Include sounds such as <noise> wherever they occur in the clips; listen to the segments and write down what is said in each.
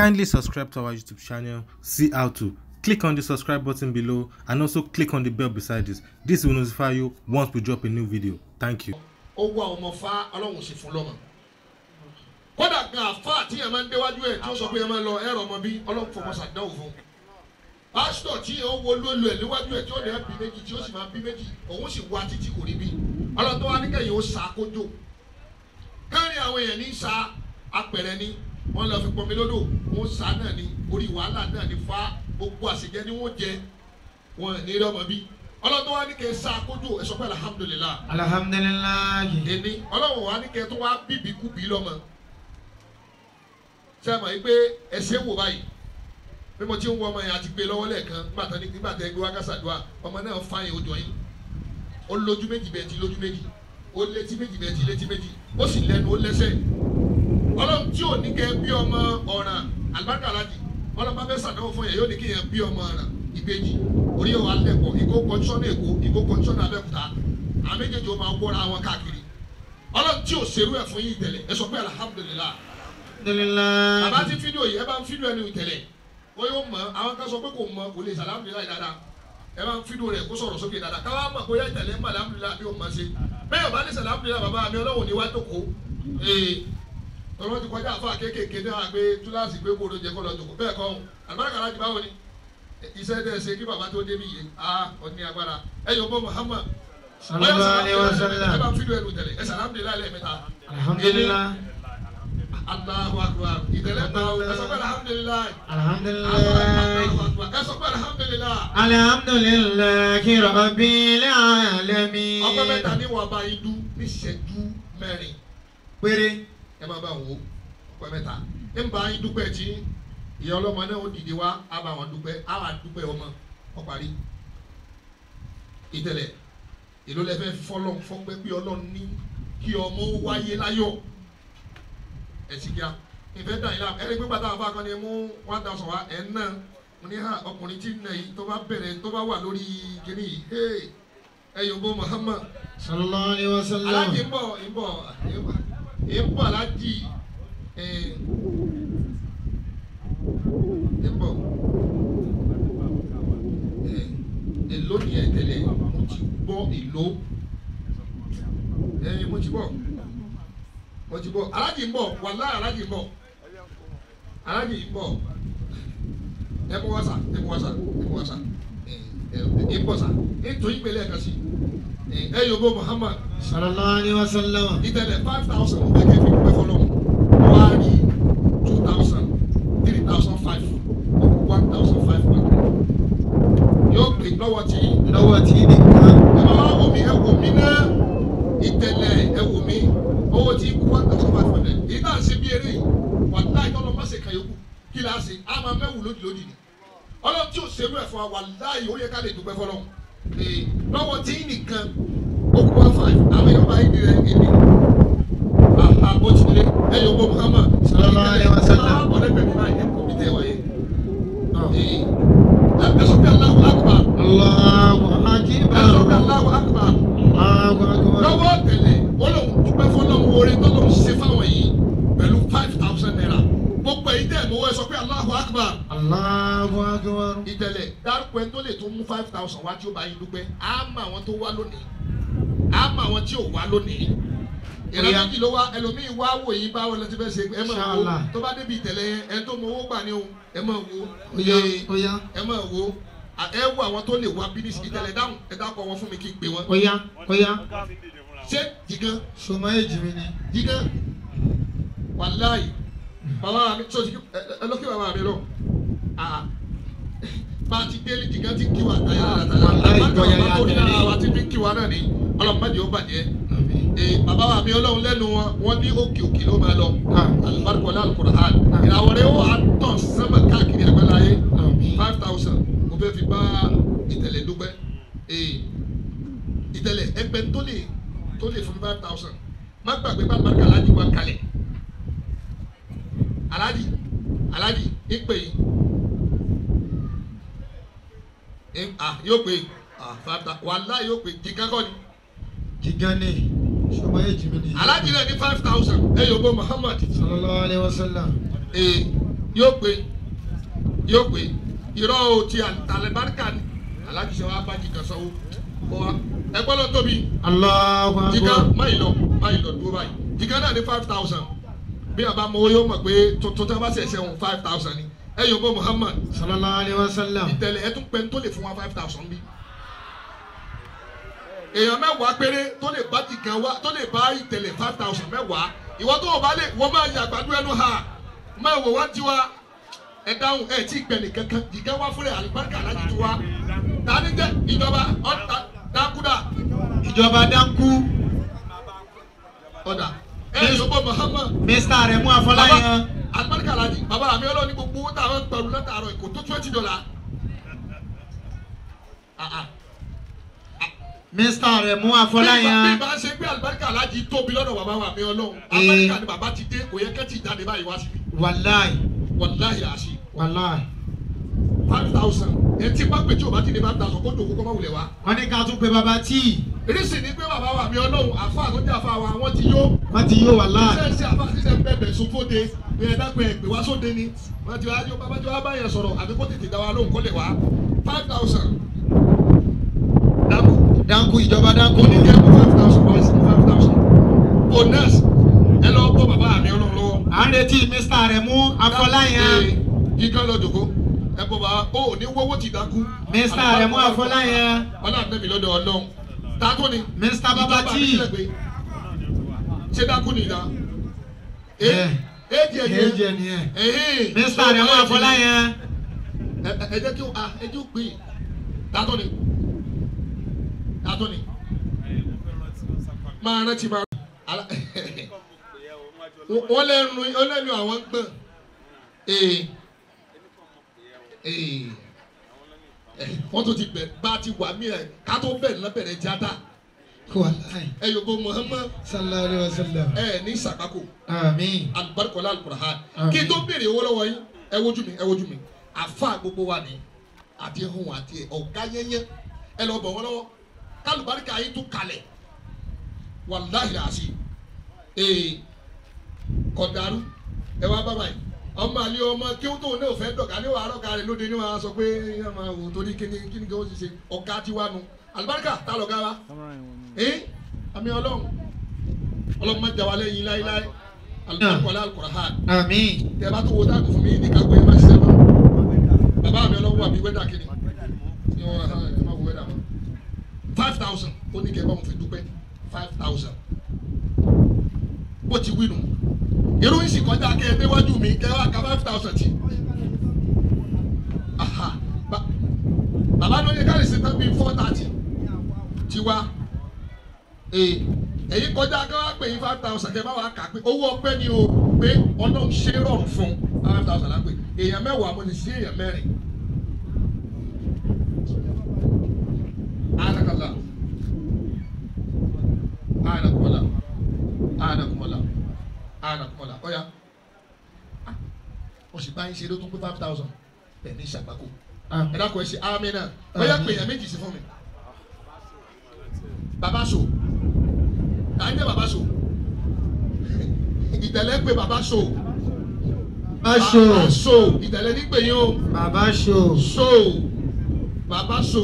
Kindly subscribe to our YouTube channel, see how to. Click on the subscribe button below and also click on the bell beside this. This will notify you once we drop a new video. Thank you. Ó wá ọmọ fá Ọlọ́run sì fún lọ́mọ. Kódà gan àfáà tí yẹn máa ń déwájú ẹ̀ tí ó sọ pé yẹn máa ń lọ ẹ̀rọ ọmọ bí Ọlọ́run fọmọ ṣàdánwò fún. Pásítọ̀ tí yẹn ó wo lólu ẹ̀ níwájú ẹ̀ tí ó lè bí méjì tí ó sì máa bí méjì òun sì wá títí kò rí bí. Ọlọ́run tó wá ní kẹ́yìn ó sa kójó. Kẹ́rin àwọn èèyàn ní sa wọ́n lọ fi pọnmi lódò wọ́n sá náà ni orí wàhálà náà ni fa gbogbo àṣejẹ ni wọ́n jẹ wọn ní ilé ọmọ bí ọlọ́dún wa ní kẹ́ ẹ sá akójú ẹ sọ pé alhamdulilah. alhamdulilah. èmi ọlọ́run wa ní kẹ́ ẹ tó wá bíbí kú bí lọ́mọ sẹ́mọ̀ yìí pé ẹsẹ̀ wò báyìí bí mo ti ń wọ ọmọ yẹn àti gbé e lọ́wọ́ lẹ́ẹ̀kan nígbà tẹ́ gbé wákàsàdúrà ọmọ náà fa yẹn odò yìí ó lójú méjì bẹ́ẹ̀ ti lójú méjì ó létí méjì bẹ́ẹ̀ ti létí méjì ó sì lẹ́nu ó lẹ́sẹ̀ ọlọ́run tí ò ní kẹ́ bí ọmọ ọ̀ràn àlùbáríkà ọlọ́run bá fẹ́ sàdánwò fún yẹn yóò ní kí yẹn bí ọmọ ọ̀ràn ìbejì orí ọ̀hún alẹ́kọ̀ ìkó kọ́ńtíṣọ́nà èkó ìkó kọ́ńtíṣọ́nà abẹ́kúta àwọn méjèèjì ó máa wọ́ra wọn káàkiri ọlọ́run tí ò ṣerú ẹ̀ fún yín ìtẹ̀lẹ̀ ẹ sọ pé alhamdulillah ẹ bá ń fídíò ẹni kó sọ̀rọ̀ sókè dáadáa káwá mọ̀ bóyá ìtẹ̀lẹ̀ ń mọ̀ alhamdulillah bí ó mọ̀ ṣe bẹ́ẹ̀ bá ní sàlámùlélà bàbá mi ọlọ́run ní wá jókòó tọ́lọ́ ti kọjá àfa kéékèèké náà pé túláàsì pé kó o ló jẹ kó lọ jòkó bẹ́ẹ̀ kọ́ ọ̀hún àlùbáríkà láti báwo ni iṣẹ́ tẹ̀ ṣe kí bàbá tó débi yìí a ọ̀ní agbára ẹ yóò bọ́ Muhammad sallallahu alaihi wasallam ẹ bá fídíò ẹnu tẹ̀lé ẹ sàlámdìlá lẹ́ẹ̀mẹ́ta alhamdulillah Allahu akbar ìtẹ̀lẹ́ ta o ẹ sọ pé alhamdulillah alhamdulillah ẹ sọ pé alhamdulillah alhamdulillahi rabbil alamin ọpẹ́ mẹ́ta ní wàá bá idú ní ìṣẹ́jú mẹ́rin péré ẹ má bá wọn ọpẹ́ mẹ́ta ẹ ń bá yín dúpẹ́ tí ìyá ọlọ́mọ náà ó dìde wá á bá wọn dúpẹ́ á wà dúpẹ́ ọmọ ó parí ìtẹ̀lẹ̀ èló lẹ fẹ́ fọlọ́ fọpẹ́ pé ọlọ́run ní kí ọmọ ó wáyé láyọ̀ ẹ̀sìn kíá ìfẹ́ dàn yín láàmú ẹni pípa táwọn afáàkàn ni mú one thousand wa ẹ̀ ń ná mo ní ha ọkùnrin tí ń nà yìí tó bá bẹ̀rẹ̀ tó bá wà lórí kìnìún yìí ẹ̀ ẹ̀ yòóbó Muhammad. sallallahu alayhi wa sallam. aláàjì ń bọ̀ ń bọ̀ èèpọ̀ alájì èèpọ̀ èlò ni ẹ̀ tẹ́lẹ̀ mo ti gbọ́ èlò ẹ̀yin mo ti bọ̀ mo ti bọ̀ alájì ń bọ̀ wàlá alájì ń bọ̀ alájì ń bọ̀ ẹ bọ̀ wá sà ẹ bọ̀ wá sà ẹ bọ̀ wá sà ẹ bọ̀ sà ètò ìpele ẹ̀ka sí ẹ̀yọ̀bọ eh, Muhammad sallallahu alayhi wa sallam ìtẹ̀lẹ̀ five thousand gbẹ́kẹ̀ fi pẹ́ fọlọ́ wá rí two thousand three thousand five one thousand five hundred yóò pè lọ́wọ́ tí lọ́wọ́ tí nìkan ẹ̀rọ omi ẹ̀wò mi náà ìtẹ̀lẹ̀ ẹ̀wò mi owó tí kú one thousand five hundred ìdá ṣe bí eré yìí wà láì tọ́lọ́ má ṣe kàn yókù kí la ṣe á máa mẹ́wù lódìlódì ni ọlọ́run tí ò ṣerú ẹ̀fọ́ wa láì ó yẹ ká lè dúpẹ́ fọlọ́run. Eh, lọ́wọ́ tí nìkan okùn bá fà àwọn èèyàn bá ibi rẹ̀ ebi àbójúlé ẹ̀yọ̀ gbogbo hama sọlá ọ̀rẹ́ bẹ̀rẹ̀ máa yẹ kó mi tẹ̀ wáyé. ẹ sọ aláwọ̀ àgbà. aláwọ̀ àgbà. ẹ sọ pé aláwọ̀ àgbà. lọ́wọ́ tẹ̀lé wọ́n lòun dúpẹ́ fọ́nà wọlé tó lòun ṣe fáwọn yìí. Allahu Akbar. Ìtẹ̀lẹ̀ dárúkọ ẹni tó lè tún mú five thousand wá tí ó bá yín dúpẹ́. Á mọ àwọn tó wá lónìí. Á mọ àwọn tí ò wá lónìí. Ìran méjì ló wá ẹlòmíì wá wò yín báwo lọ ti fẹ́ ṣe ẹ máa wo tó bá débi ìtẹ̀lẹ̀ ẹ tó mọ owó gbà ni o ẹ máa wo ẹ máa wo ẹ wo àwọn tó lè wá bí ìtẹ̀lẹ̀ dáhùn ẹ dákọ̀ wọn fún mi kí n pè wọn. Ó yá Ṣé jìgàn? Sọmọ ẹ̀ jì mí ni. Jìgàn wàláyì bàbá mi tó ẹ lókè bàbá mi lọ pàtí ah. <coughs> délé jìgá ti kí wa tayà tayà àbájọ bá kò nínú àwa ti fi kí wa náà ní ọlọ́mọdé ó bàjẹ́ eh, bàbá wa mi ọlọ́run lẹ́nu wọn wọ́n ní òkè òkè ló máa lọ ah. alibarikọlá alukurahan ah. ìràwọ̀ rẹ̀ wọ́n á tàn sẹ́mà káàkiri àgbáláyé five thousand mo fẹ́ fi bá ìtẹ̀lẹ̀ dúpẹ́ eh, ìtẹ̀lẹ̀ ẹgbẹ́ tó lè tó lè fún five thousand má gbàgbé bá barika aláàjì wa kalẹ̀ aláàjì aláàjì ìpè yìí yóò pé wàhálà yóò pé jìgá kọ́ ni. jìgá ni ṣọmọ yẹn jìmí ni. alájí ní five thousand ẹ yóò Muhammad. sallallahu alayhi wa sallam. ee yóò pé yóò pé irọ́ o ti àlẹ́báríkà ni alájí sọ wá bá jìgá sọ wó ẹ gbọ́dọ̀ tóbi. Allahu akbar. jìgá máyì lọ máyì lọ dúró báyìí jìgá náà ní five thousand bí a bá mọ owó yóò mọ̀ pé tuntun tí a bá ṣẹ̀ṣẹ̀ wọn five thousand ni ẹ yọ bọ Muhammad. sallallahu alayhi wa sallam. ìtẹ̀lẹ̀ ẹ tún tó lè fún wa five thousand bí. èèyàn mẹ́wàá péré tó lè bá ìgàn wa tó lè bá ìtẹ̀lẹ̀ five thousand mẹ́wàá ìwọ tó o bá lè wọ́n máa yà gbàdúrà ẹnu ha máa wò wá tiwa ẹ dáhùn ẹ tí ìgbẹ́ nìkan kan ìgàn wá fúnra àlùbáríkà alájú tiwa tani jẹ ìjọba ọ̀tá dákúdà. ìjọba dákú. ọ̀dà ẹ yọ bọ Muhammad. mr remu afọláyan agbálẹ́kà láti bàbá àmì ọlọ́run ní gbogbo owó táwọn gbẹ̀rù látàárọ̀ èkó tó twenty dollar. Ah, ah. Mr. Aremu Afọláyan. bí bá ṣe gbé àlùbáríkà aláàjì tóbi lọ́dọ̀ bàbá wa mi ọlọ́run eh. àlùbáríkà ni bàbá ti dé kò yẹ kẹ́ ti jáde báyìí wá síbi. wàláì. wàláì àṣì. wàláì. five thousand etí pápẹ́ tí o bá ti ní five thousand kó dòwó kó má wulẹ̀ wá. wọ́n ní ká tún pe bàbá tíì. rísì ni pé bàbá wa mi ọlọ́run àfa àtúndì àfa wa wọ́n ti yó. wọ́n ti yó wàláì. iṣẹ́ iṣẹ́ àfa àti iṣẹ́ bẹ́ẹ̀ bẹ̀ pé ẹ dákun ẹ pè wá sóde ni wọn ti wá bá ti wá bá yẹn sọ̀rọ̀ àbí kó tètè dá wa lóhùn kó lè wá five thousand. danku danku ìjọba danku. oníjẹ kó five thousand lọ sí five thousand. onas ẹ lọ bọ bàbá mi Ọlọ́run lọ́wọ́. à ń retí mr Aremu Afọláyan. kíkan lọ jòkó ẹ bọ bàbá o ní wọ́wọ́ ti dákú. mr Aremu Afọláyan. wọn náà tẹ̀mí lọ́dọ̀ Ọlọ́run. dákú ni. mr Babati. ṣé dákú ni ìdá. Eh èjì èjì nìyẹn mísítà rẹ̀ mú àfọlá yẹn. ẹ jẹ́ kí a ẹ jẹ́ pé dátọ́ ni dátọ́ ni máa rántí máa <laughs> wọ́n lẹ́nu wọ́n lẹ́nu àwọn ń gbọ̀n wọ́n tún ti bẹ̀ bá ti wà mí ẹ̀ ká tó bẹ̀rẹ̀ lọ́bẹ̀rẹ̀ jáde wàláyé. ẹ yòókù muhammad. sallallahu alayhi wa sallam. ẹ ní sàkákò. àmín. alibarikola alikurahan. àmín. kí n tó béèrè owó lọ́wọ́ yín ẹ wojú mi ẹ wojú mi àfa gbogbo wa ni àti ehun àti ọ̀gá yẹ́yẹ́ ẹ lọ bọ̀ wọ́n lọ́wọ́ kálùbáríkà yín tún kalẹ̀ wàláhì àṣì ee kọ̀dàrú ẹ wá bá báyìí ọmọ àlè ọmọ kí wọn tóun náà fẹ́ dọ̀gá ní wàá rọ̀gá rẹ̀ lóde ní wàá sọ pé ẹ máa wò torí kíni kíni kí wọ́n ti ṣe ọ̀gá tiwa nu alibarika ta lọ gara ee àmì Ọlọ́run Ọlọ́run má jà wá láéláé alibarika wàlẹ alukurahan àmín tẹ bá tó wo tá a kò fún mi ní gbé má ṣiṣẹ́ mọ́ bàbá mi Ọlọ́run wà mí wẹdà kiri five thousand ó ní kẹ bá wọn fi dúpẹ́ five thousand bó ti wí nù irú ń kọjá kẹ ẹ déwájú mi kẹ wá ka five thousand ti bàbá ló yẹ ká lè ṣe tán bíi four thirty tiwa èyí kọjá káwá pé yín five thousand kẹ bá wà kà pé owó ọpẹ́ ni o pé Ọlọ́run ṣe rọrùn fún five thousand lápè èèyàn mẹ́wàá mo ti sí èèyàn mẹ́rin. Anakumala Anakumala Anakumala Anakumala ọ̀ya wọ́n sì bá yín ṣe ló tún pé five thousand ẹ̀ ní ìṣàgbákò ẹ̀dá kò ẹ̀ ṣe amínà ọ̀ya pé èèyàn méjì sí fún mi bàbá <laughs> so à ń jẹ́ bàbá so ìtẹ̀lẹ́ pé bàbá so bàbá so ìtẹ̀lẹ́ ní pè yín o bàbá so so bàbá so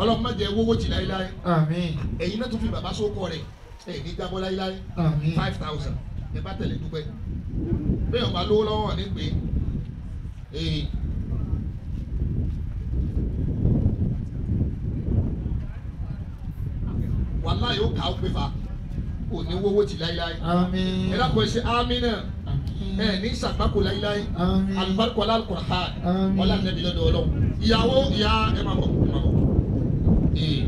ọlọ́run má jẹ́ wọ́wọ́ tì láéláé àmín náà tún fi bàbá so kọ rẹ̀ ẹ̀ ní jábọ́ five thousand ẹ bá tẹ̀lé dúpẹ́ bẹ́ẹ̀ ọba lówó lọ́wọ́ ní pé. ta ó fa kò ní wọ́wọ́ tì láíláí. ẹ dákun ẹ ṣe àmín náà ẹ ní sàgbákò láíláí. àmín. alibarika ha. ọlá nàbí lọ́dọ̀ Ọlọ́run. ìyàwó ìyá ẹ máa bọ̀ ẹ máa bọ̀ eh.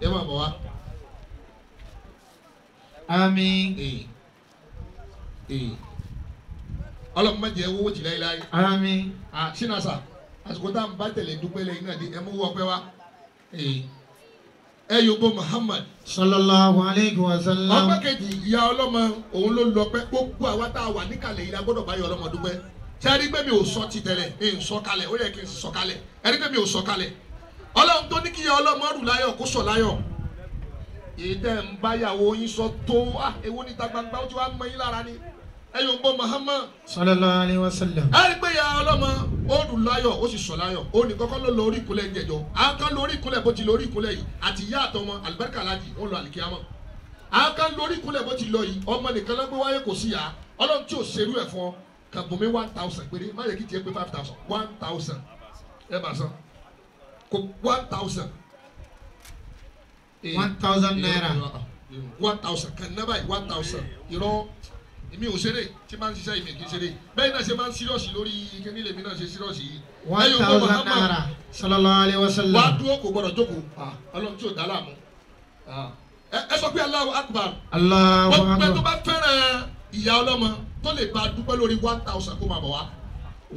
ẹ máa bọ̀ wá. àmín. Eh. Eh. Ọlọ́run má jẹ́ wọ́wọ́ tì láíláí. àmín. Ah, sinasa àsìkò tá à ń bá tẹ̀lé náà di ẹ mú wọ́pẹ́ wá ẹyọgbọ Muhammad. sallallahu alayhi wa sallam. ọpẹ́ kejì ìyá ọlọ́mọ òun ló lọ pẹ gbogbo àwa tá a wà níkàlẹ̀ yìí la gbọ́dọ̀ bá yọ ọlọ́mọ dúpẹ́ sẹ́rí pé mi ò sọ ti tẹ̀lẹ̀ mi ò sọ kalẹ̀ ó yẹ kí n sọ kalẹ̀ ẹ̀rí pé ò sọ kalẹ̀ ọlọ́run tó ní kí ìyá ọlọ́mọ rù láyọ̀ kó sọ láyọ̀ èdè yín sọ tó ah èwo níta gbangba ó ti wá mọ yín lára ni ẹyọ bọ Muhammad. sallallahu alayhi wa sallam. a rí pé ya ọlọ́mọ ó láyọ̀ ó sì sọ láyọ̀ ó ní kọ́kọ́ ló lórí ń jẹjọ́ a lórí ìkúnlẹ̀ bó ti lórí ìkúnlẹ̀ yìí àti ìyá àtọmọ alibarika alájì ó lọ àlìkíyàmọ́ a kan lórí ìkúnlẹ̀ bó ti lọ yìí ọmọ nìkan lọ́gbẹ́ wáyé kò sí ya ọlọ́run tí ò ṣerú ẹ̀ fún kàbùnmí one thousand péré má yẹ kí tiẹ̀ pé five thousand one thousand ẹ bá one thousand. one thousand naira. one thousand kàn nábàá one thousand irọ́ èmi ò ṣeré tí máa ń ṣiṣẹ́ èmi kì ṣeré bẹ́ẹ̀ náà ṣe máa ń sírọ̀sì lórí kíní lèmi náà ṣe sírọ̀sì yìí. one thousand naira sallallahu alaihi wàá dúró kò gbọdọ̀ jókòó ọlọ́run tí ò dá láàmú. ẹ sọ pé Allahu akbar. wọ́n pẹ́ tó bá fẹ́ràn ìyá ọlọ́mọ tó lè bá dúpẹ́ lórí one thousand kó máa bọ̀ wá.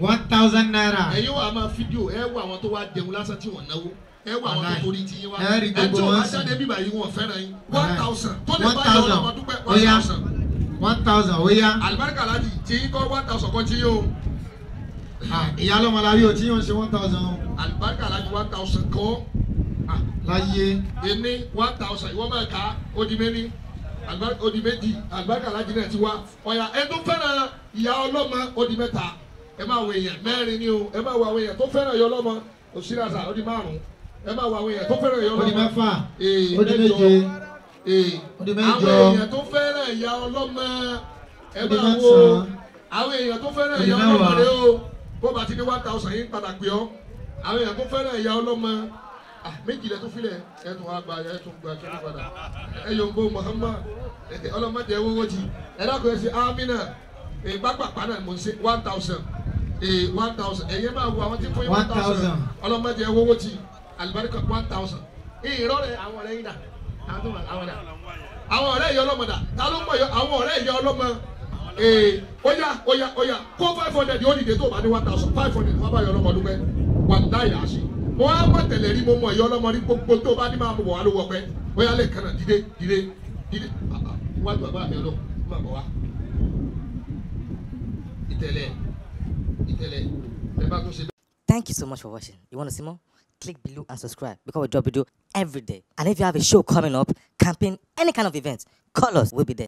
one thousand naira. ẹ̀yin wàá máa fídíò ẹ wọ àwọn tó wá jẹun lásán tí wọ́n náwó ẹ wà wọn tó torí ti wá ẹ tí o bíbá yìí wọn fẹ́ràn yín one thousand tó lè bá yọ ọlọ́mọ dúpẹ́ one thousand one thousand Oya. yá. alibarika alhaji tí yín one thousand kan tí yín o. ìyá ọlọ́mọ la o tí yín ò one thousand o. alibarika alhaji one thousand kan. láyé. ẹni one thousand ìwọ́n máa ka ó di mẹ́ni alibarika di méjì alibarika alhaji náà ti wá ọ̀yà ẹ̀dùn fẹ́ràn ìyá ọlọ́mọ ó di mẹ́ta ẹ máa wọ èèyàn mẹ́rin ni o ẹ máa wọ àwọn èèyàn tó fẹ́ràn ìyá ọlọ́mọ òṣìṣẹ́ àṣà ó di márùn-ún ẹ máa wọ àwọn èèyàn tó fẹ́ràn ìyá ọlọ́mọ ó mẹ́fà ó méje ó di àwọn èèyàn tó fẹ́ ìyá ọlọ́mọ ẹgbẹ́ wo àwọn èèyàn tó fẹ́ràn ìyá ọlọ́mọ rẹ o bó bá ti ní one thousand yín padà pé ọ́ àwọn èèyàn tó fẹ́ràn ìyá ọlọ́mọ ah, méjìlẹ̀ tó filẹ̀ ẹ̀tún àgbà ẹ̀tún gba kí ló padà ẹ̀yọ̀ ń bó Muhammad ọlọ́mọdé owó jì ẹ̀dá kò ṣe amina ìgbàgbàpá náà mo ṣe one thousand one thousand ẹ̀yẹ́ máa wo àwọn tí fún yín one thousand ọlọ́mọdé owó jì alibarika one thousand ìrọ̀lẹ́ àwọn ọ̀rẹ́ yín dà àwọn tó wà àwọn dà àwọn ọ̀rẹ́ ìyá ọlọ́mọ ta ló mọ̀ àwọn ọ̀rẹ́ ìyá ọlọ́mọ ee oya oya oya kó five hundred yóò dìde tó o bá ní one thousand five hundred wọ́n bá yọ ọlọ́mọ dúpẹ́ wà láyà á mo á mọ̀ tẹ̀lẹ̀ rí mo mọ̀ ìyá ọlọ́mọ rí gbogbo tó o bá ní máa mọ̀ wá ló wọ oya lè kànáà dìde dìde dìde ah, ah, wájú àbá mi ọlọ́ máa bọ̀ wá ìtẹ̀lẹ̀ ìtẹ̀lẹ̀ ẹ bá tún ṣe Thank you so much for watching. You want to see more? click below and subscribe because we drop video every day. And if you have a show coming up, campaign, any kind of event, call us. We'll be there.